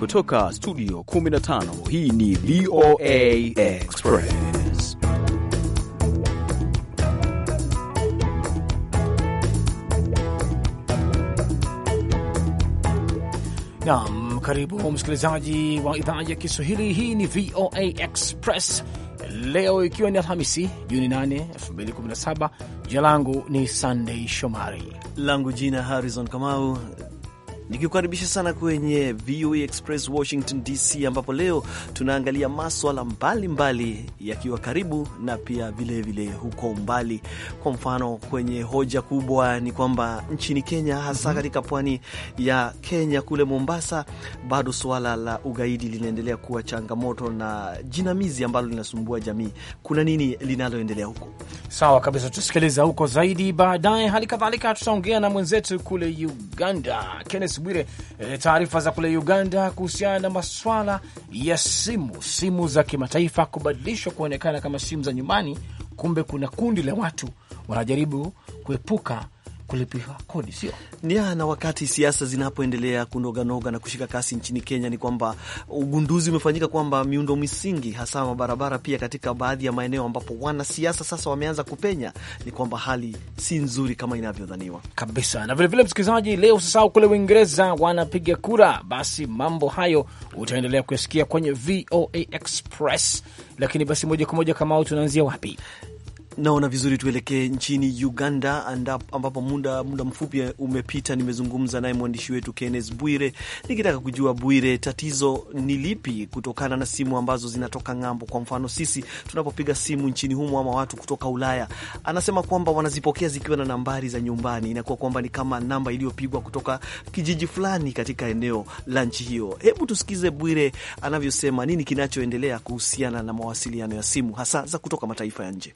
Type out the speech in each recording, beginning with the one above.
Kutoka studio 15 hii ni VOA Express. nam karibu msikilizaji wa idhaa ya Kiswahili. Hii ni VOA Express leo ikiwa ni Alhamisi Juni 8, 2017. Jina langu ni sandey Shomari, langu jina Harrison Kamau. Nikikukaribisha sana kwenye VOA e Express Washington DC, ambapo leo tunaangalia maswala mbalimbali yakiwa karibu na pia vilevile vile huko mbali. Kwa mfano, kwenye hoja kubwa ni kwamba nchini Kenya, hasa mhm. katika pwani ya Kenya kule Mombasa, bado suala la ugaidi linaendelea kuwa changamoto na jinamizi ambalo linasumbua jamii. Kuna nini linaloendelea huko? Sawa kabisa, tusikiliza huko zaidi baadaye. Hali kadhalika tutaongea na mwenzetu kule Uganda Kenneth Kenneth Bwire, e, taarifa za kule Uganda kuhusiana na maswala ya simu, simu za kimataifa kubadilishwa kuonekana kama simu za nyumbani, kumbe kuna kundi la watu wanajaribu kuepuka kulipiwa kodi, sio ya. Ah, na wakati siasa zinapoendelea kunoganoga na kushika kasi nchini Kenya, ni kwamba ugunduzi umefanyika kwamba miundo misingi hasa mabarabara, pia katika baadhi ya maeneo ambapo wanasiasa sasa wameanza kupenya, ni kwamba hali si nzuri kama inavyodhaniwa kabisa. Na vilevile, msikilizaji, leo usisahau kule Uingereza wanapiga kura. Basi mambo hayo utaendelea kuyasikia kwenye VOA Express, lakini basi moja kwa moja kama au tunaanzia wapi? Naona vizuri tuelekee nchini Uganda ambapo muda, muda mfupi umepita, nimezungumza naye mwandishi wetu Kennes Bwire nikitaka kujua, Bwire, tatizo ni lipi kutokana na simu ambazo zinatoka ng'ambo? Kwa mfano sisi tunapopiga simu nchini humo ama watu kutoka Ulaya, anasema kwamba wanazipokea zikiwa na nambari za nyumbani, inakuwa kwamba ni kama namba iliyopigwa kutoka kijiji fulani katika eneo la nchi hiyo. Hebu tusikize Bwire anavyosema nini kinachoendelea kuhusiana na mawasiliano ya simu hasa za kutoka mataifa ya nje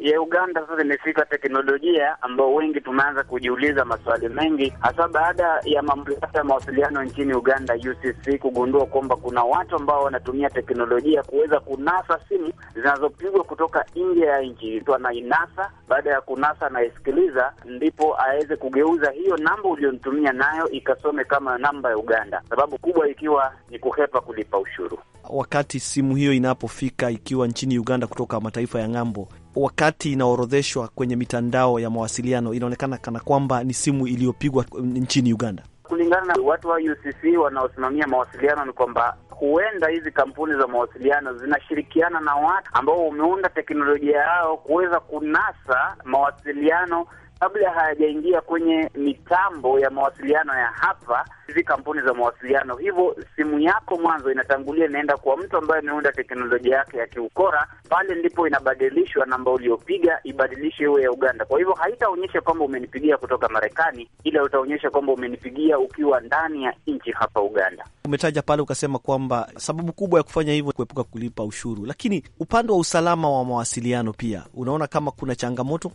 ya Uganda sasa imefika teknolojia ambayo wengi tumeanza kujiuliza maswali mengi, hasa baada ya mamlaka ya mawasiliano nchini Uganda UCC kugundua kwamba kuna watu ambao wanatumia teknolojia kuweza kunasa simu zinazopigwa kutoka nje ya nchi. Mtu anainasa, baada ya kunasa anaisikiliza, ndipo aweze kugeuza hiyo namba uliyomtumia nayo ikasome kama namba ya Uganda, sababu kubwa ikiwa ni kuhepa kulipa ushuru. Wakati simu hiyo inapofika ikiwa nchini Uganda kutoka mataifa ya ng'ambo wakati inaorodheshwa kwenye mitandao ya mawasiliano inaonekana kana kwamba ni simu iliyopigwa nchini Uganda. Kulingana na watu wa UCC wanaosimamia mawasiliano ni kwamba huenda hizi kampuni za mawasiliano zinashirikiana na watu ambao wameunda teknolojia yao kuweza kunasa mawasiliano kabla hayajaingia kwenye mitambo ya mawasiliano ya hapa hizi kampuni za mawasiliano. Hivyo simu yako mwanzo inatangulia, inaenda kwa mtu ambaye ameunda teknolojia yake ya kiukora, pale ndipo inabadilishwa namba uliopiga ibadilishe iwe ya Uganda. Kwa hivyo haitaonyesha kwamba umenipigia kutoka Marekani, ila utaonyesha kwamba umenipigia ukiwa ndani ya nchi hapa Uganda. Umetaja pale ukasema kwamba sababu kubwa ya kufanya hivyo kuepuka kulipa ushuru, lakini upande wa usalama wa mawasiliano pia unaona kama kuna changamoto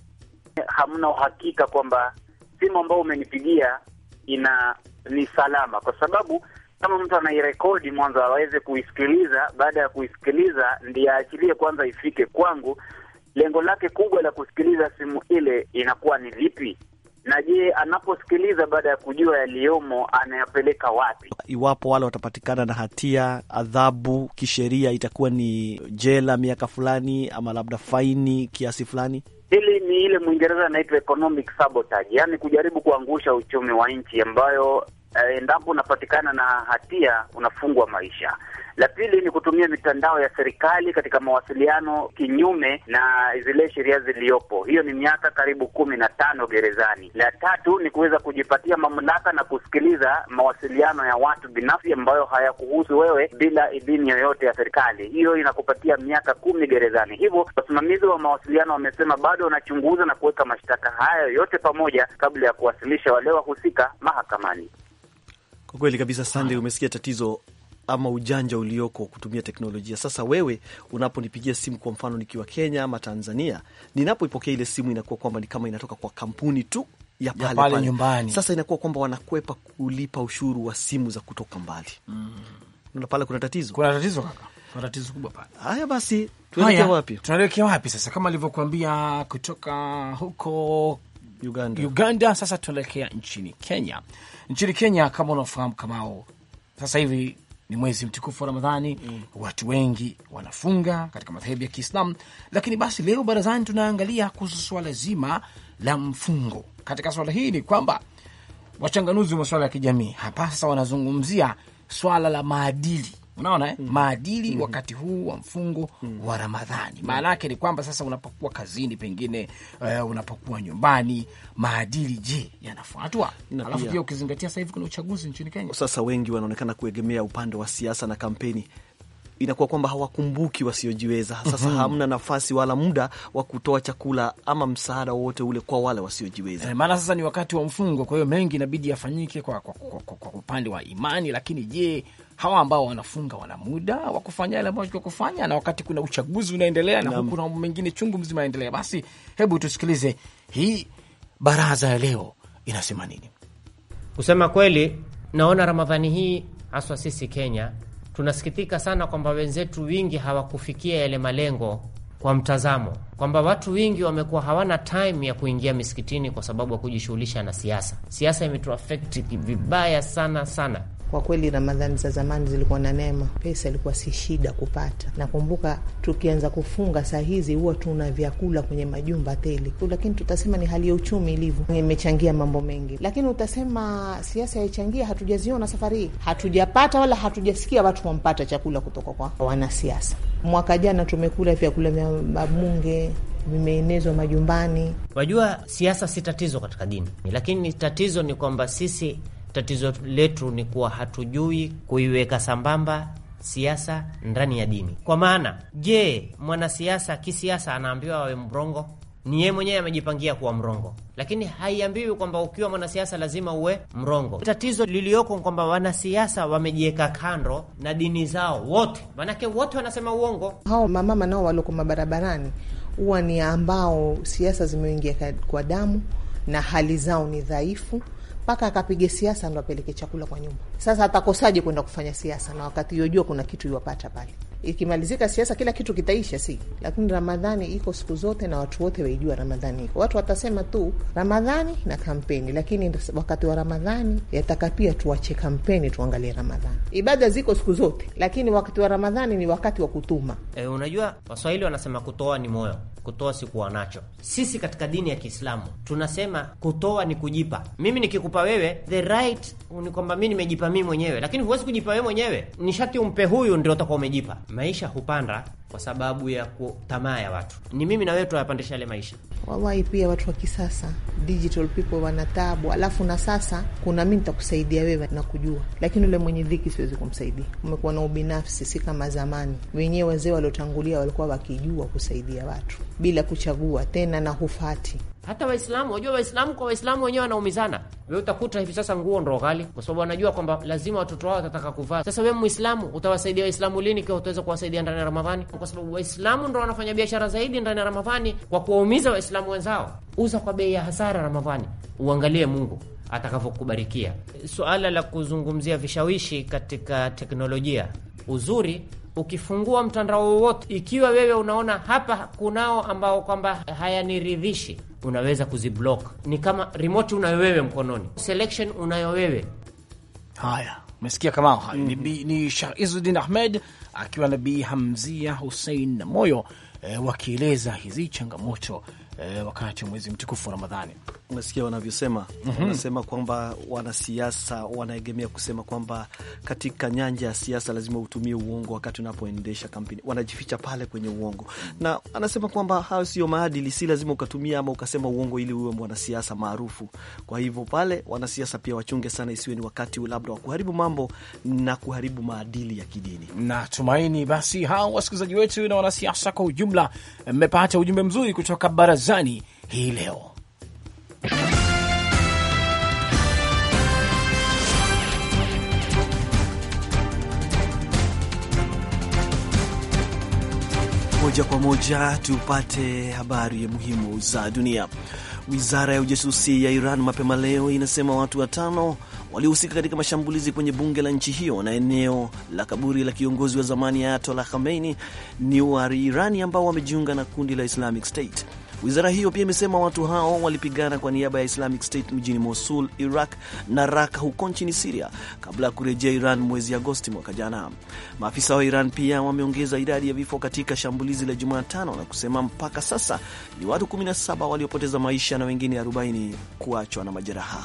hamna uhakika kwamba simu ambayo umenipigia ina ni salama, kwa sababu kama mtu anairekodi mwanzo aweze kuisikiliza, baada ya kuisikiliza ndiye aachilie kwanza ifike kwangu. Lengo lake kubwa la kusikiliza simu ile inakuwa ni lipi? na je, anaposikiliza baada ya kujua yaliyomo anayapeleka wapi? Iwapo wale watapatikana na hatia, adhabu kisheria itakuwa ni jela miaka fulani, ama labda faini kiasi fulani hili ni ile Mwingereza anaitwa economic sabotage, yaani kujaribu kuangusha uchumi wa nchi ambayo Eh, endapo unapatikana na hatia unafungwa maisha. La pili ni kutumia mitandao ya serikali katika mawasiliano kinyume na zile sheria ziliyopo, hiyo ni miaka karibu kumi na tano gerezani. La tatu ni kuweza kujipatia mamlaka na kusikiliza mawasiliano ya watu binafsi ambayo hayakuhusu wewe bila idhini yoyote ya serikali, hiyo inakupatia miaka kumi gerezani. Hivyo wasimamizi wa mawasiliano wamesema bado wanachunguza na kuweka mashtaka hayo yote pamoja kabla ya kuwasilisha wale wahusika mahakamani. Kwa kweli kabisa, Sande, umesikia tatizo ama ujanja ulioko kutumia teknolojia. Sasa wewe unaponipigia simu, kwa mfano nikiwa Kenya ama Tanzania, ninapoipokea ile simu inakuwa kwamba ni kama inatoka kwa kampuni tu ya pale, ya pale, pale nyumbani. Sasa inakuwa kwamba wanakwepa kulipa ushuru wa simu za kutoka mbali mm. na pale kuna tatizo, kuna tatizo kaka, kuna tatizo kubwa pale. Haya basi, tuelekea wapi? Tunaelekea wapi sasa? Kama alivyokuambia kutoka huko Uganda. Uganda. Sasa tunaelekea nchini Kenya. Nchini Kenya kama unaofahamu, kamao, sasa hivi ni mwezi mtukufu wa Ramadhani mm. Watu wengi wanafunga katika madhehebu ya Kiislamu, lakini basi leo barazani tunaangalia kuhusu swala zima la mfungo. Katika swala hii ni kwamba wachanganuzi wa masuala ya kijamii hapa sasa wanazungumzia swala la maadili unaona mm maadili mm wakati huu wa mfungo mm wa Ramadhani. Maana yake ni kwamba sasa unapokuwa kazini pengine, uh, unapokuwa nyumbani, maadili je, yanafuatwa? Alafu pia ukizingatia sasa hivi kuna uchaguzi nchini Kenya, sasa wengi wanaonekana kuegemea upande wa siasa na kampeni inakuwa kwamba hawakumbuki wasiojiweza. Sasa mm -hmm. hamna nafasi wala muda wa kutoa chakula ama msaada wowote ule kwa wale wasiojiweza. E, maana sasa ni wakati wa mfungo, kwa hiyo mengi inabidi yafanyike kwa, kwa, kwa, kwa, kwa upande wa imani. Lakini je, hawa ambao wanafunga wana muda wa kufanya yale ambayo kufanya, na wakati kuna uchaguzi unaendelea na huku kuna mambo mengine chungu mzima yaendelea. Basi hebu tusikilize hii baraza ya leo inasema nini. Kusema kweli, naona Ramadhani hii haswa sisi Kenya tunasikitika sana kwamba wenzetu wingi hawakufikia yale malengo kwa mtazamo kwamba watu wengi wamekuwa hawana time ya kuingia misikitini kwa sababu ya kujishughulisha na siasa. Siasa imetuafekti vibaya sana sana. Kwa kweli Ramadhani za zamani zilikuwa na neema, pesa ilikuwa si shida kupata. Nakumbuka tukianza kufunga saa hizi huwa tuna vyakula kwenye majumba hoteli, lakini tutasema ni hali ya uchumi ilivyo imechangia mambo mengi, lakini utasema siasa yaichangia, hatujaziona safari hii, hatujapata wala hatujasikia watu wampata chakula kutoka kwa wanasiasa. Mwaka jana tumekula vyakula vya mabunge vimeenezwa majumbani. Wajua, siasa si tatizo katika dini, lakini tatizo ni kwamba sisi Tatizo letu ni kuwa hatujui kuiweka sambamba siasa ndani ya dini. Kwa maana, je, mwanasiasa kisiasa anaambiwa awe mrongo? Ni yeye mwenyewe amejipangia kuwa mrongo, lakini haiambiwi kwamba ukiwa mwanasiasa lazima uwe mrongo. Tatizo liliyoko kwamba wanasiasa wamejiweka kando na dini zao wote, maanake wote wanasema uongo. Hao mamama nao walioko mabarabarani huwa ni ambao siasa zimeingia kwa damu na hali zao ni dhaifu mpaka akapiga siasa ndo apeleke chakula kwa nyumba. Sasa atakosaje kwenda kufanya siasa na wakati yojua kuna kitu iwapata pale? Ikimalizika siasa, kila kitu kitaisha, si lakini Ramadhani iko siku zote na watu wote waijua Ramadhani iko. Watu watasema tu Ramadhani na kampeni, lakini wakati wa Ramadhani yataka pia tuwache kampeni, tuangalie Ramadhani. Ibada ziko siku zote, lakini wakati wa Ramadhani ni wakati wa kutuma. E, unajua Waswahili wanasema kutoa ni moyo, kutoa si kuwa nacho. Sisi katika dini ya Kiislamu tunasema kutoa ni kujipa. Mimi nikikupa wewe the right ni kwamba mi nimejipa mi mwenyewe, lakini huwezi kujipa wewe mwenyewe, ni shati umpe huyu ndio utakuwa umejipa maisha hupanda kwa sababu ya tamaa ya watu. Ni mimi na wewe tunayapandisha yale maisha. Wallahi, pia watu wa kisasa digital people wana taabu. alafu na sasa kuna mi nitakusaidia wewe na kujua, lakini ule mwenye dhiki siwezi kumsaidia. Umekuwa na ubinafsi, si kama zamani. Wenyewe wazee waliotangulia walikuwa wakijua kusaidia watu bila kuchagua tena na hufati hata Waislamu wajua, Waislamu kwa Waislamu wenyewe wanaumizana. We utakuta hivi sasa nguo ndo ghali, kwa sababu wanajua kwamba lazima watoto wao watataka kuvaa. Sasa we Mwislamu utawasaidia Waislamu lini ikiwa utaweza kuwasaidia ndani ya Ramadhani? kwa sababu Waislamu ndo wanafanya biashara zaidi ndani ya Ramadhani kwa kuwaumiza Waislamu wenzao. Uza kwa bei ya hasara Ramadhani, uangalie Mungu atakavyokubarikia. Suala la kuzungumzia vishawishi katika teknolojia, uzuri ukifungua mtandao wowote, ikiwa wewe unaona hapa kunao ambao kwamba hayaniridhishi, unaweza kuziblock. Ni kama remote unayo wewe mkononi, selection unayo wewe. Haya, umesikia kamao. Hayo ni Shah Izudin Ahmed akiwa na Bi Hamzia Hussein na Moyo e, wakieleza hizi changamoto eh, wakati wa mwezi mtukufu Ramadhani. Unasikia wanavyosema, mm -hmm. Wanasema kwamba wanasiasa wanaegemea kusema kwamba katika nyanja ya siasa lazima utumie uongo wakati unapoendesha kampeni, wanajificha pale kwenye uongo, na anasema kwamba hayo sio maadili, si lazima ukatumia ama ukasema uongo ili uwe mwanasiasa maarufu. Kwa hivyo pale wanasiasa pia wachunge sana, isiwe ni wakati labda wa kuharibu mambo na kuharibu maadili ya kidini. Natumaini basi hao wasikilizaji wetu na wanasiasa kwa ujumla mmepata ujumbe mzuri kutoka baraza Barazani hii leo. Moja kwa moja tupate habari muhimu za dunia. Wizara ya ujasusi ya Iran mapema leo inasema watu watano waliohusika katika mashambulizi kwenye bunge la nchi hiyo na eneo la kaburi la kiongozi wa zamani Ayatollah khameini ni Wairani ambao wamejiunga na kundi la Islamic State. Wizara hiyo pia imesema watu hao walipigana kwa niaba ya Islamic State mjini Mosul, Iraq na Raka huko nchini Siria kabla ya kurejea Iran mwezi Agosti mwaka jana. Maafisa wa Iran pia wameongeza idadi ya vifo katika shambulizi la Jumatano na kusema mpaka sasa ni watu 17 waliopoteza maisha na wengine 40 kuachwa na majeraha.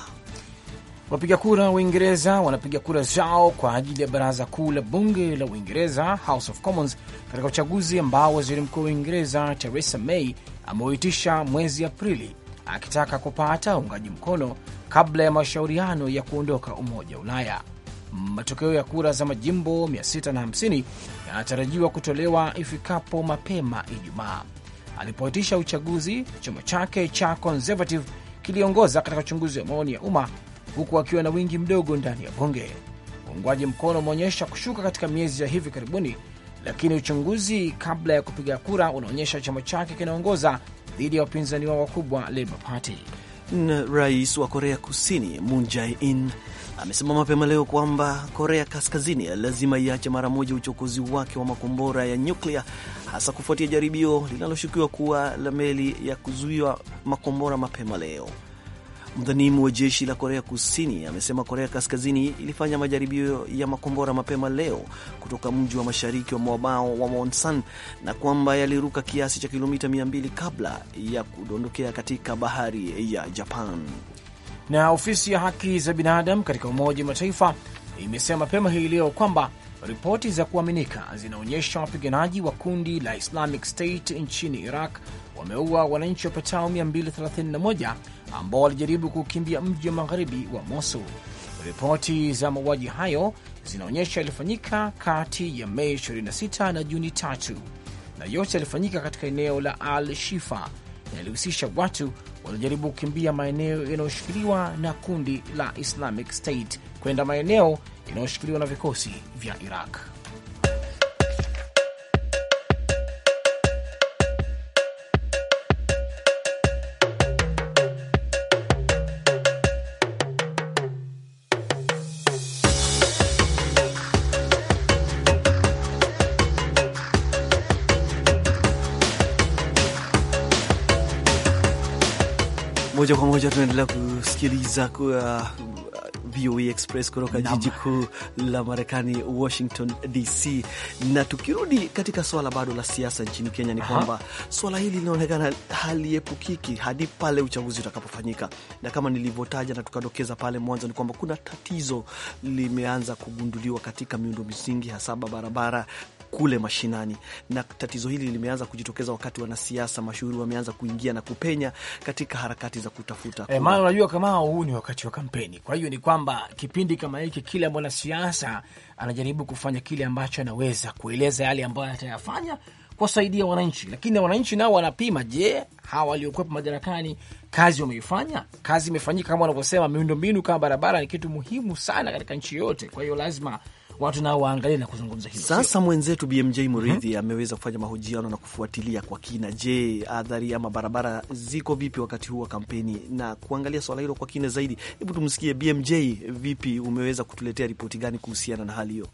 Wapiga kura Uingereza wanapiga kura zao kwa ajili ya baraza kuu la bunge la Uingereza, House of Commons, katika uchaguzi ambao waziri mkuu wa Uingereza Theresa May ameuitisha mwezi Aprili akitaka kupata uungaji mkono kabla ya mashauriano ya kuondoka Umoja wa Ulaya. Matokeo ya kura za majimbo 650 yanatarajiwa kutolewa ifikapo mapema Ijumaa. Alipoitisha uchaguzi, chama chake cha Conservative kiliongoza katika uchunguzi wa maoni ya umma huku akiwa na wingi mdogo ndani ya bunge. Uungwaji mkono umeonyesha kushuka katika miezi ya hivi karibuni lakini uchunguzi kabla ya kupiga kura unaonyesha chama chake kinaongoza dhidi ya wapinzani wao wakubwa Labour Party. Na rais wa Korea Kusini Moon Jae-in amesema mapema leo kwamba Korea Kaskazini lazima iache mara moja uchokozi wake wa makombora ya nyuklia, hasa kufuatia jaribio linaloshukiwa kuwa la meli ya kuzuiwa makombora mapema leo. Mdhanimu wa jeshi la Korea Kusini amesema Korea Kaskazini ilifanya majaribio ya makombora mapema leo kutoka mji wa mashariki wa mwambao wa Wonsan na kwamba yaliruka kiasi cha kilomita 200 kabla ya kudondokea katika bahari ya Japan. Na ofisi ya haki za binadamu katika Umoja wa Mataifa imesema mapema hii leo kwamba ripoti za kuaminika zinaonyesha wapiganaji wa kundi la Islamic State nchini Iraq wameua wananchi wapatao 231 ambao walijaribu kukimbia mji wa magharibi wa Mosul. Ripoti za mauaji hayo zinaonyesha yalifanyika kati ya Mei 26 na Juni tatu, na yote yalifanyika katika eneo la Al Shifa na yalihusisha watu waliojaribu kukimbia maeneo yanayoshikiliwa na kundi la Islamic State kwenda maeneo yanayoshikiliwa na vikosi vya Iraq. moja kwa moja tunaendelea kusikiliza kwa uh, VOA Express kutoka jiji kuu la Marekani, Washington DC. Na tukirudi katika swala bado la siasa nchini Kenya, ni kwamba swala hili linaonekana haliepukiki hadi pale uchaguzi utakapofanyika, na kama nilivyotaja na tukadokeza pale mwanzo, ni kwamba kuna tatizo limeanza kugunduliwa katika miundo misingi, hasa barabara kule mashinani, na tatizo hili limeanza kujitokeza wakati wanasiasa mashuhuri wameanza kuingia na kupenya katika harakati za kutafuta e, maana unajua kama huu ni wakati wa kampeni. Kwa hiyo ni kwamba kipindi kama hiki kila mwanasiasa anajaribu kufanya kile ambacho anaweza kueleza yale ambayo atayafanya kuwasaidia wananchi, lakini wananchi nao wanapima. Je, hawa waliokuwepo madarakani kazi wameifanya? Kazi imefanyika? Kama wanavyosema, miundombinu kama barabara ni kitu muhimu sana katika nchi yote, kwa hiyo lazima watu nao waangalie na kuzungumza hilo. Sasa mwenzetu BMJ mhm. Muridhi mm -hmm. ameweza kufanya mahojiano na kufuatilia kwa kina, je, adhari ama barabara ziko vipi wakati huu wa kampeni na kuangalia swala hilo kwa kina zaidi. Hebu tumsikie BMJ, vipi umeweza kutuletea ripoti gani kuhusiana na hali hiyo?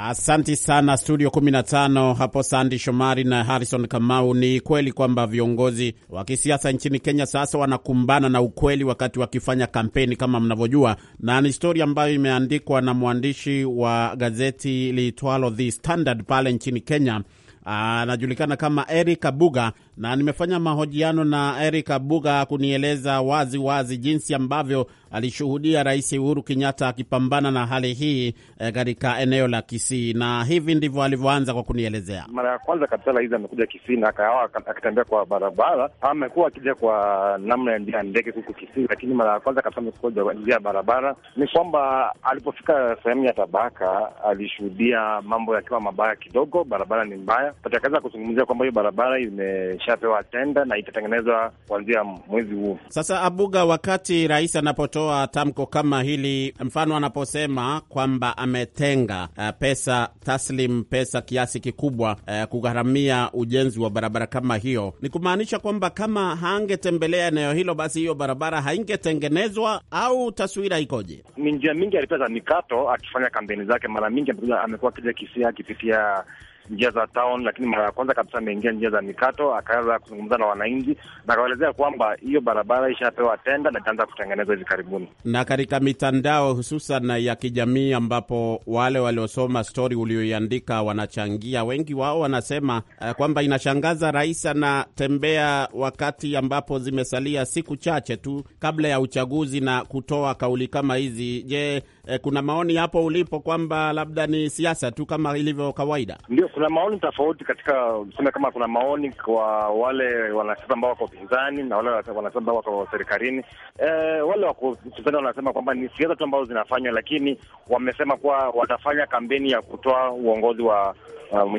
Asanti sana studio 15 hapo Sandi Shomari na Harrison Kamau. Ni kweli kwamba viongozi wa kisiasa nchini Kenya sasa wanakumbana na ukweli wakati wakifanya kampeni kama mnavyojua, na ni stori ambayo imeandikwa na mwandishi wa gazeti liitwalo The Standard pale nchini Kenya, anajulikana kama Eric Abuga na nimefanya mahojiano na Eric Abuga kunieleza wazi wazi jinsi ambavyo alishuhudia Rais Uhuru Kenyatta akipambana na hali hii eh, katika e, eneo la Kisii, na hivi ndivyo alivyoanza kwa kunielezea. Mara ya kwanza kabisa Rais amekuja Kisii na akawa akitembea kwa barabara, amekuwa akija kwa namna ya njia ndege huku Kisii, lakini mara ya kwanza kabisa amekuja njia ya barabara. Ni kwamba alipofika sehemu ya Tabaka alishuhudia mambo yakiwa mabaya kidogo, barabara ni mbaya, akaweza kuzungumzia kwamba hiyo barabara ime ishapewa tenda na itatengenezwa kuanzia mwezi huu. Sasa Abuga, wakati rais anapotoa tamko kama hili, mfano anaposema kwamba ametenga uh, pesa taslim, pesa kiasi kikubwa uh, kugharamia ujenzi wa barabara kama hiyo, ni kumaanisha kwamba kama hangetembelea eneo hilo, basi hiyo barabara haingetengenezwa, au taswira ikoje? Ni njia mingi alipeza mikato akifanya kampeni zake. Mara mingi amekuwa akija Kisia akipitia njia za town, lakini mara ya kwanza kabisa ameingia njia za mikato, akaanza kuzungumza na wananchi na akaelezea kwamba hiyo barabara ishapewa tenda na itaanza kutengenezwa hivi karibuni. Na katika mitandao hususan ya kijamii, ambapo wale waliosoma stori ulioiandika wanachangia, wengi wao wanasema uh, kwamba inashangaza rais anatembea wakati ambapo zimesalia siku chache tu kabla ya uchaguzi na kutoa kauli kama hizi. Je, eh, kuna maoni hapo ulipo kwamba labda ni siasa tu kama ilivyo kawaida? Ndio kuna maoni tofauti katika sema, kama kuna maoni kwa wale wanasiasa ambao wako upinzani na wale wanasiasa ambao wako serikalini. E, wale wako upinzani wanasema kwamba ni siasa tu ambazo zinafanywa, lakini wamesema kuwa watafanya kampeni ya kutoa uongozi wa uh,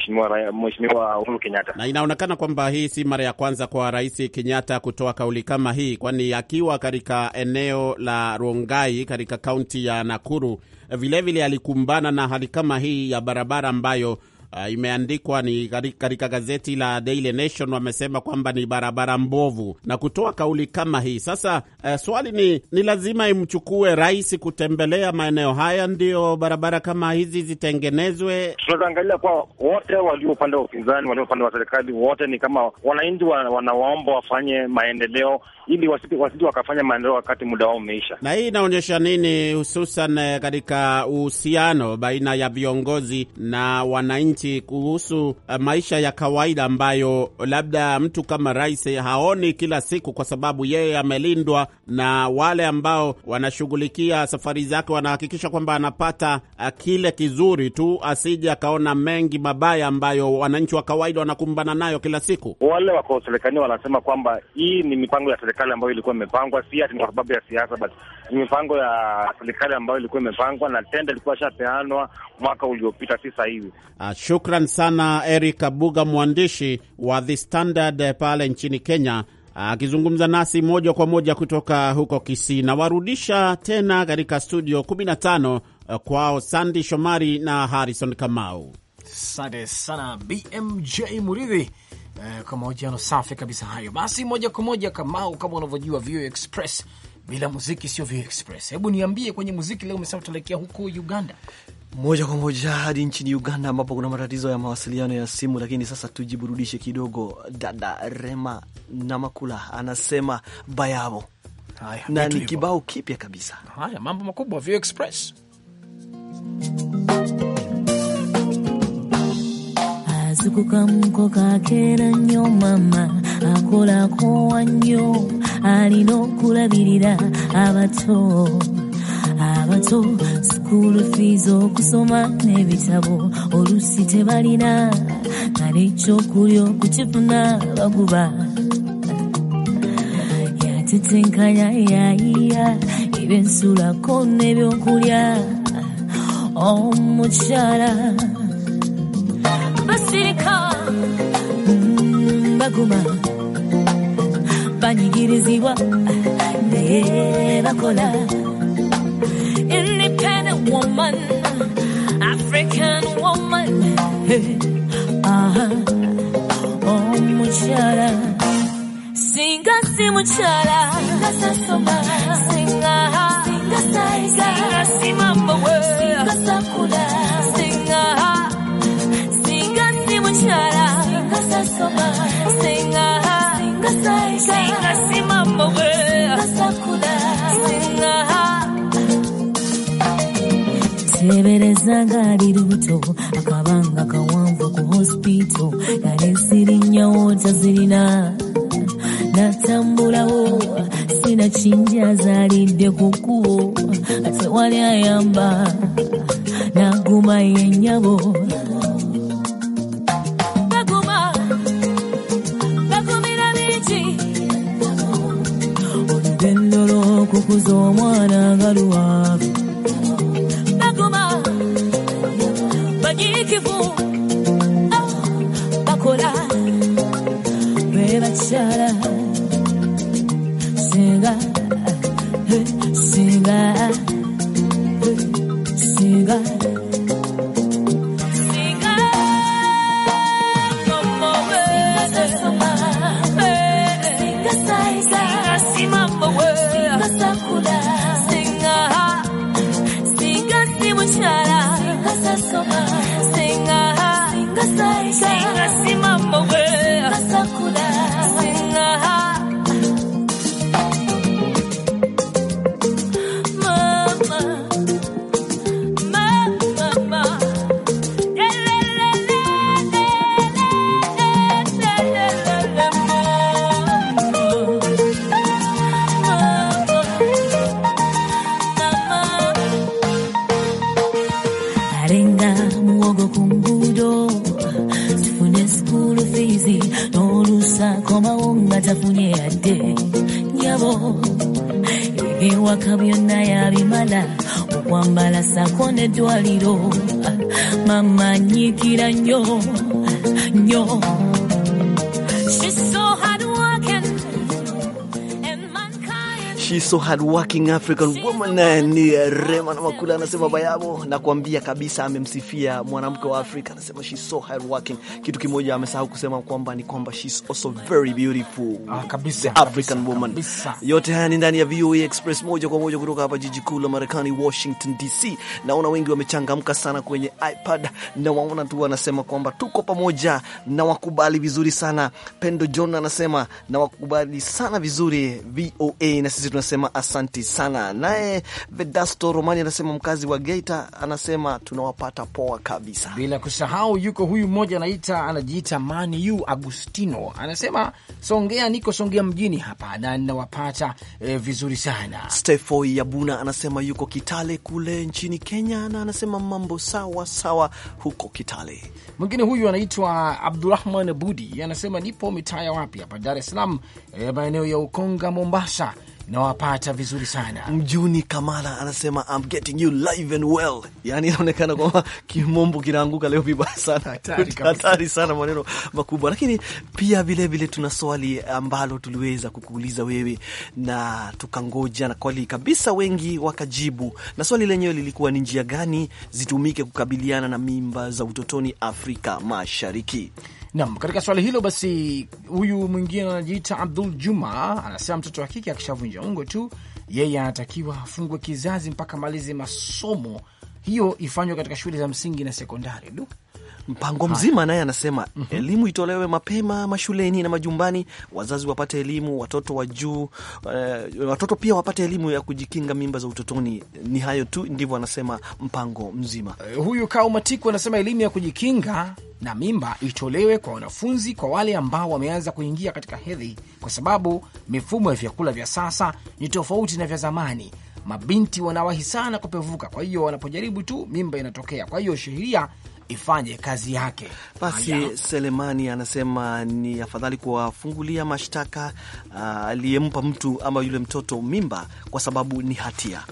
mheshimiwa Uhuru Kenyatta, na inaonekana kwamba hii si mara ya kwanza kwa Rais Kenyatta kutoa kauli kama hii, kwani akiwa katika eneo la Rongai katika kaunti ya Nakuru vilevile vile alikumbana na hali kama hii ya barabara ambayo uh, imeandikwa ni katika gazeti la Daily Nation, wamesema kwamba ni barabara mbovu na kutoa kauli kama hii. Sasa uh, swali ni, ni lazima imchukue rais kutembelea maeneo haya ndio barabara kama hizi zitengenezwe? Tunaangalia kwa wote walio upande wa upinzani, walio upande wa serikali, wote ni kama wananchi wanawaomba wafanye maendeleo ili wasiti wakafanya maendeleo wakati muda wao umeisha. Na hii inaonyesha nini, hususan eh, katika uhusiano baina ya viongozi na wananchi? ripoti kuhusu eh, maisha ya kawaida ambayo labda mtu kama rais haoni kila siku, kwa sababu yeye amelindwa na wale ambao wanashughulikia safari zake, wanahakikisha kwamba anapata eh, kile kizuri tu, asije akaona mengi mabaya ambayo wananchi wa kawaida wanakumbana nayo kila siku. Wale wako serikalini wanasema kwamba hii ni mipango ya serikali ambayo ilikuwa imepangwa, si ati kwa sababu ya siasa, basi ni mipango ya serikali ambayo ilikuwa imepangwa na tenda ilikuwa ishapeanwa mwaka uliopita, si sahivi ah, Shukran sana Eric Abuga, mwandishi wa The Standard pale nchini Kenya, akizungumza nasi moja kwa moja kutoka huko Kisii. Nawarudisha tena katika studio 15 eh, kwao Sandi Shomari na Harrison Kamau. Asante sana BMJ Muridhi eh, kwa mahojiano safi kabisa hayo. Basi moja kwa moja, Kamau, kama unavyojua VOA Express bila muziki sio VOA Express. Hebu niambie, kwenye muziki leo umesema tunaelekea huko Uganda moja kwa moja hadi nchini Uganda ambapo kuna matatizo ya mawasiliano ya simu, lakini sasa tujiburudishe kidogo. Dada Rema Namakula anasema bayavo na ni kibao kipya kabisa. Haya, mambo makubwa Vio Express mama akolako wannyo alina abato abato sukuulu fiiz okusoma n'ebitabo olusi tebalina nalekyokulya okukifuna baguba yatetenkanya yayiya ebyensulako n'ebyokulya omukyala basirika mm, baguma banyigirizibwa naye bakola woman, African woman. Aha, uh-huh. oh muchara, singa si muchara, singa sasoma, singa, singa saiga, singa si mambo, singa sakula, singa, singa si muchara, singa sasoma, singa, singa saiga, singa si mambo, singa sakula, singa. teebereza ngaali lubuto akabanga kawanvu ku hospito yale sirinyawota zirina natambulawo sina kinja azaalidde ku kkubo atewali ayamba naguma yennyabo olugendo lw'okukuza omwana nga luwaavu abanyiikivu bakola be bakyala singa singa singa singa much. Sing, sing, simama wewe ewaka byonna yabimala okwambala sako n'eddwaliro mama nyiikira nnyo nnyo She's so hard working African woman eh, ni Rema na Makula anasema bayabo, nakwambia kabisa, amemsifia mwanamke wa Afrika, anasema she's so hard working. Kitu kimoja amesahau kusema kwamba ni kwamba she's also very beautiful. Ah, kabisa, African kabisa, woman kabisa. Yote haya ni ndani ya VOA Express moja kwa moja kutoka hapa jiji kuu la Marekani Washington DC. Naona wengi wamechangamka sana kwenye iPad na waona tu wanasema kwamba tuko pamoja na wakubali vizuri sana. Pendo John anasema na wakubali sana vizuri VOA na sisi tuna tunasema asanti sana. Naye Vedasto Romani anasema mkazi wa Geita, anasema tunawapata poa kabisa. Bila kusahau yuko huyu mmoja anaita anajiita Maniu Agustino, anasema Songea, niko Songea mjini hapa na ninawapata eh, vizuri sana. Stefo Yabuna anasema yuko Kitale kule nchini Kenya, na anasema mambo sawa sawa huko Kitale. Mwingine huyu anaitwa Abdurahman Budi, anasema nipo mitaa ya wapi hapa Dar es Salaam, eh, maeneo ya Ukonga, Mombasa nawapata vizuri sana. Mjuni Kamala anasema I'm getting you live and well, yani inaonekana kwamba kimombo kinaanguka leo vibaya sana, hatari sana, maneno makubwa. Lakini pia vilevile tuna swali ambalo tuliweza kukuuliza wewe na tukangoja na kweli kabisa wengi wakajibu, na swali lenyewe lilikuwa ni njia gani zitumike kukabiliana na mimba za utotoni Afrika Mashariki. Nam, katika swali hilo basi, huyu mwingine anajiita Abdul Juma anasema mtoto wa kike akishavunja ungo tu, yeye anatakiwa afungwe kizazi mpaka malize masomo. Hiyo ifanywe katika shule za msingi na sekondari. Du, mpango mzima. Naye anasema mm -hmm. Elimu itolewe mapema mashuleni na majumbani, wazazi wapate elimu, watoto wa juu uh, watoto pia wapate elimu ya kujikinga mimba za utotoni. Ni hayo tu ndivyo anasema mpango mzima. Uh, huyu Kaumatiku anasema elimu ya kujikinga na mimba itolewe kwa wanafunzi, kwa wale ambao wameanza kuingia katika hedhi, kwa sababu mifumo ya vyakula vya sasa ni tofauti na vya zamani. Mabinti wanawahi sana kupevuka, kwa hiyo wanapojaribu tu mimba inatokea. Kwa hiyo sheria ifanye kazi yake. Basi Aya. Selemani anasema ni afadhali kuwafungulia mashtaka ah, aliyempa mtu ama yule mtoto mimba, kwa sababu ni hatia.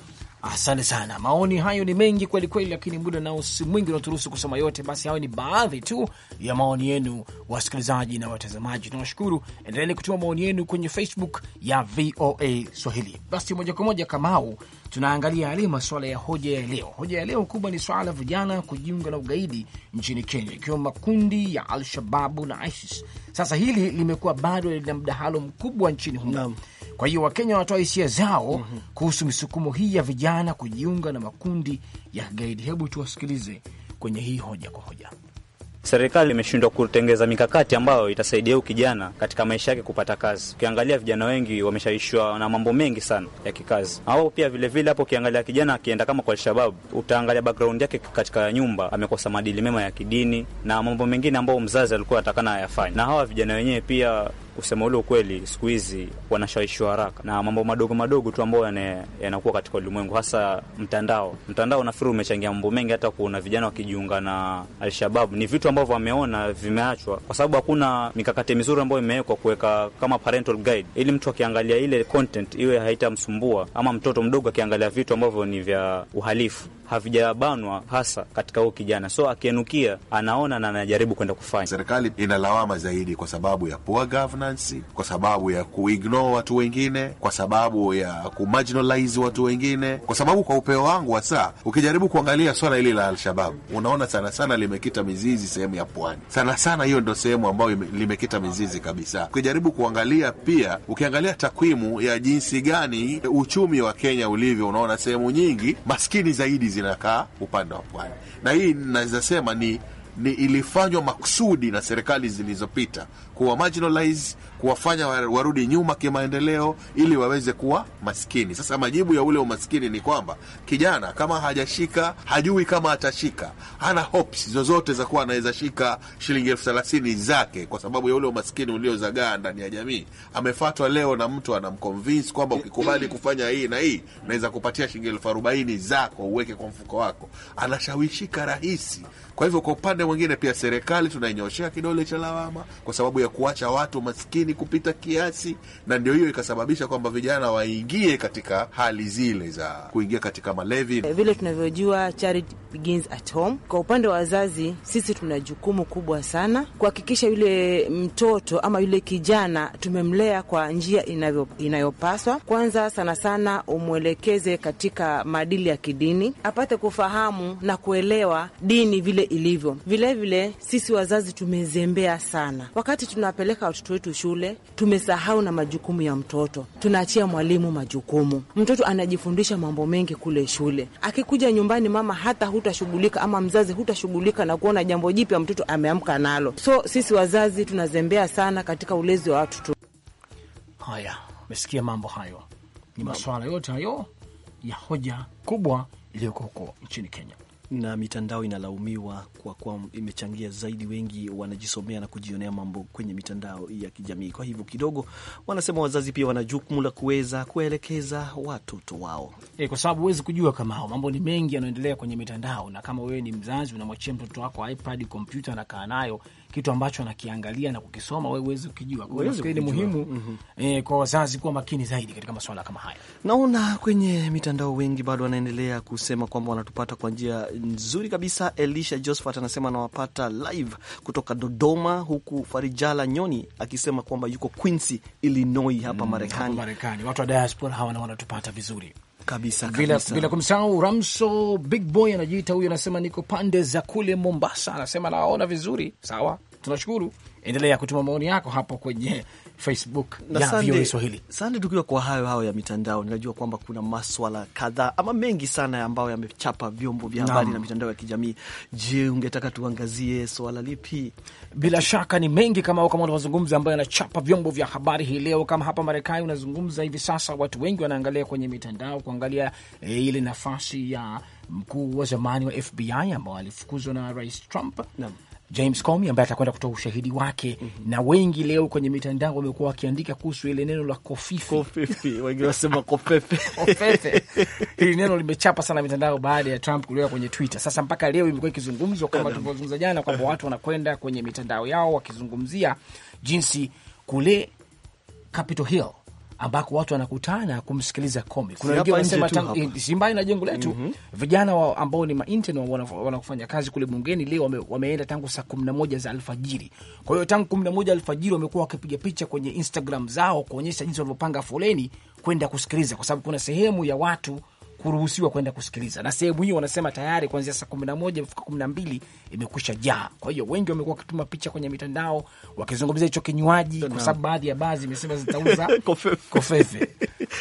Asante sana, maoni hayo ni mengi kweli kweli, lakini muda nao si mwingi unaturuhusu kusoma yote. Basi hayo ni baadhi tu ya maoni yenu, wasikilizaji na watazamaji, tunawashukuru. Endeleni kutuma maoni yenu kwenye Facebook ya VOA Swahili. Basi moja kwa moja Kamau tunaangalia yale masuala ya hoja ya leo. Hoja ya leo kubwa ni swala la vijana kujiunga na ugaidi nchini Kenya, ikiwemo makundi ya Al-Shababu na ISIS. Sasa hili limekuwa bado lina mdahalo mkubwa nchini humo, kwa hiyo Wakenya wanatoa hisia zao mm -hmm. kuhusu misukumo hii ya vijana kujiunga na makundi ya gaidi. Hebu tuwasikilize kwenye hii hoja kwa hoja. Serikali imeshindwa kutengeza mikakati ambayo itasaidia huyu kijana katika maisha yake kupata kazi. Ukiangalia vijana wengi wameshaishwa na mambo mengi sana ya kikazi, au pia vilevile hapo ukiangalia kijana akienda kama kwa Alshababu, utaangalia background yake katika nyumba, amekosa maadili mema ya kidini na mambo mengine ambayo mzazi alikuwa atakana ayafanye, na hawa vijana wenyewe pia kusema ule ukweli, siku hizi wanashawishiwa haraka na mambo madogo madogo tu ambayo yanakuwa katika ulimwengu, hasa mtandao. Mtandao nafikiri umechangia mambo mengi, hata kuna vijana wakijiunga na Alshababu. Ni vitu ambavyo wameona vimeachwa, kwa sababu hakuna mikakati mizuri ambayo imewekwa kuweka kama parental guide, ili mtu akiangalia ile content iwe haitamsumbua, ama mtoto mdogo akiangalia vitu ambavyo ni vya uhalifu havijabanwa hasa katika huyu kijana, so akienukia anaona na anajaribu kwenda kufanya. Serikali ina lawama zaidi kwa sababu ya poor governance governance, kwa sababu ya kuignore watu wengine, kwa sababu ya kumarginalize watu wengine, kwa sababu kwa upeo wangu hasa ukijaribu kuangalia swala hili la Alshabab unaona sana sana limekita mizizi sehemu ya pwani. Sana sana hiyo ndio sehemu ambayo limekita mizizi kabisa. Ukijaribu kuangalia pia, ukiangalia takwimu ya jinsi gani uchumi wa Kenya ulivyo, unaona sehemu nyingi maskini zaidi zinakaa upande wa pwani, na hii naweza sema ni ni ilifanywa makusudi na serikali zilizopita kuwa marginalize kuwafanya warudi nyuma kimaendeleo ili waweze kuwa maskini. Sasa majibu ya ule umaskini ni kwamba kijana kama hajashika, hajui kama atashika, hana hopes zozote za kuwa anaweza shika shilingi elfu thelathini zake kwa sababu ya ule umaskini uliozagaa ndani ya jamii. Amefatwa leo na mtu anamconvince kwamba ukikubali kufanya hii na hii naweza kupatia shilingi elfu arobaini zako uweke kwa mfuko wako, anashawishika rahisi. Kwa hivyo, kwa upande mwingine pia serikali tunainyoshea kidole cha lawama kwa sababu ya kuacha watu maskini kali kupita kiasi, na ndio hiyo ikasababisha kwamba vijana waingie katika hali zile za kuingia katika malevi. Eh, vile tunavyojua charity begins at home. Kwa upande wa wazazi, sisi tuna jukumu kubwa sana kuhakikisha yule mtoto ama yule kijana tumemlea kwa njia inavyo, inayopaswa. Kwanza sana sana umwelekeze katika maadili ya kidini, apate kufahamu na kuelewa dini vile ilivyo. Vilevile vile, sisi wazazi tumezembea sana wakati tunapeleka watoto wetu shule shule, tumesahau na majukumu ya mtoto, tunaachia mwalimu majukumu. Mtoto anajifundisha mambo mengi kule shule, akikuja nyumbani mama hata hutashughulika ama mzazi hutashughulika na kuona jambo jipya mtoto ameamka nalo. So sisi wazazi tunazembea sana katika ulezi wa watoto. Haya, umesikia mambo hayo, ni masuala yote hayo ya hoja kubwa iliyoko huko nchini Kenya na mitandao inalaumiwa kwa kuwa imechangia zaidi, wengi wanajisomea na kujionea mambo kwenye mitandao ya kijamii. Kwa hivyo kidogo wanasema wazazi pia wana jukumu la kuweza kuelekeza watoto wao e, kwa sababu huwezi kujua kama hao mambo ni mengi yanaendelea kwenye mitandao, na kama wewe ni mzazi unamwachia mtoto wako iPad, kompyuta, anakaa nayo kitu ambacho anakiangalia na kukisoma, wewe huwezi kujua. Kwa hiyo ni muhimu mm -hmm. e, kwa wazazi kuwa makini zaidi katika masuala kama haya. Naona kwenye mitandao wengi bado wanaendelea kusema kwamba wanatupata kwa njia nzuri kabisa. Elisha Josphat anasema anawapata live kutoka Dodoma, huku Farijala Nyoni akisema kwamba yuko Quincy, Illinois hapa mm, Marekani. Marekani, watu wa diaspora hawa wanatupata vizuri kabisa, kabisa. Bila, bila kumsahau Ramso Big Boy anajiita huyu, anasema niko pande za kule Mombasa, anasema nawaona vizuri. Sawa, tunashukuru endelea kutuma maoni yako hapo kwenye Facebook ya VOA Swahili. Sande, tukiwa kwa hayo hayo ya mitandao, ninajua kwamba kuna maswala kadhaa ama mengi sana ambayo yamechapa vyombo vya habari na, na mitandao ya kijamii. Je, ungetaka tuangazie swala lipi? Bila shaka ni mengi kama kama unavyozungumza ambayo yanachapa vyombo vya habari hii leo. Kama hapa Marekani unazungumza hivi sasa, watu wengi wanaangalia kwenye mitandao kuangalia e, ile nafasi ya mkuu wa zamani wa FBI ambao alifukuzwa na Rais Trump na. James Comey ambaye atakwenda kutoa ushahidi wake mm -hmm. Na wengi leo kwenye mitandao wamekuwa wakiandika kuhusu ile neno la kofifi, Wengi kofefe kofefe, hili neno limechapa sana mitandao baada ya Trump kuliweka kwenye Twitter. Sasa mpaka leo imekuwa ikizungumzwa kama tulivyozungumza jana kwamba watu wanakwenda kwenye mitandao yao wakizungumzia jinsi kule Capitol Hill ambako watu wanakutana kumsikiliza komi. Kuna wengine wanasema si mbali na jengo letu mm -hmm. Vijana wa ambao ni maintern wanakufanya kazi kule bungeni leo wame, wameenda tangu saa kumi na moja za alfajiri. Kwa hiyo tangu kumi na moja alfajiri wamekuwa wakipiga picha kwenye Instagram zao kuonyesha jinsi walivyopanga foleni kwenda kusikiliza, kwa sababu kuna sehemu ya watu kuruhusiwa kwenda kusikiliza, na sehemu hiyo wanasema tayari kuanzia saa kumi na moja mpaka kumi na mbili imekwisha jaa. Kwa hiyo wengi wamekuwa wakituma picha kwenye mitandao wakizungumzia hicho kinywaji, kwa sababu baadhi ya baa zimesema zitauza kofefe,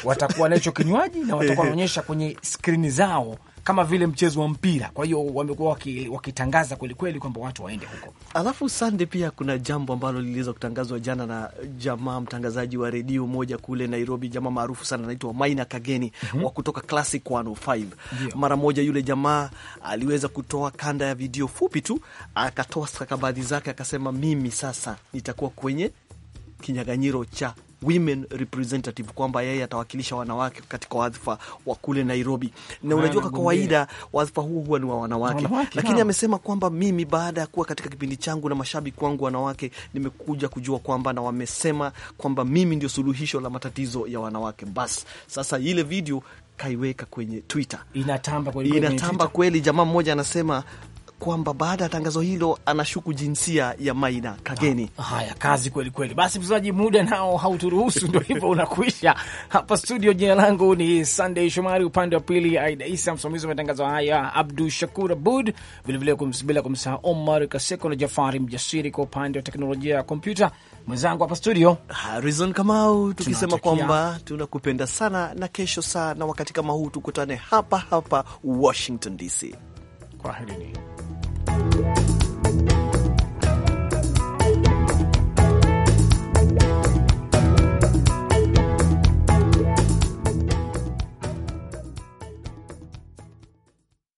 watakuwa na hicho kinywaji na watakuwa wanaonyesha kwenye skrini zao kama vile mchezo wa mpira. Kwa hiyo wamekuwa wakitangaza kwelikweli kwamba watu waende huko. Alafu sande, pia kuna jambo ambalo liliweza kutangazwa jana na jamaa mtangazaji wa redio moja kule Nairobi, jamaa maarufu sana anaitwa Maina Kageni mm -hmm. wa kutoka Classic 105 yeah. Mara moja yule jamaa aliweza kutoa kanda ya video fupi tu, akatoa stakabadhi zake, akasema mimi sasa nitakuwa kwenye kinyaganyiro cha women representative kwamba yeye atawakilisha wanawake katika wadhifa wa kule Nairobi, na unajua kwa kawaida wadhifa huo huwa ni wa wanawake, lakini amesema kwamba mimi baada ya kuwa katika kipindi changu na mashabiki wangu wanawake nimekuja kujua kwamba, na wamesema kwamba mimi ndio suluhisho la matatizo ya wanawake. Basi sasa ile video kaiweka kwenye Twitter inatamba kweli, inatamba kweli. Jamaa mmoja anasema kwamba baada ya tangazo hilo anashuku jinsia ya Maina Kageni. Ha, ah, haya kazi kweli kweli. Basi msikilizaji, muda nao hauturuhusu ndo hivyo unakuisha hapa studio. Jina langu ni Sunday Shomari, upande wa pili Aida Isa, msimamizi wa matangazo haya Abdu Shakur Abud, vilevile bila kumsahau Omar Kaseko na Jafari Mjasiri kwa upande wa teknolojia ya kompyuta, mwenzangu hapa studio Harizon Kamau, tukisema kwamba tunakupenda sana na kesho sana wakati kama huu tukutane hapa hapa Washington DC. Kwaherini.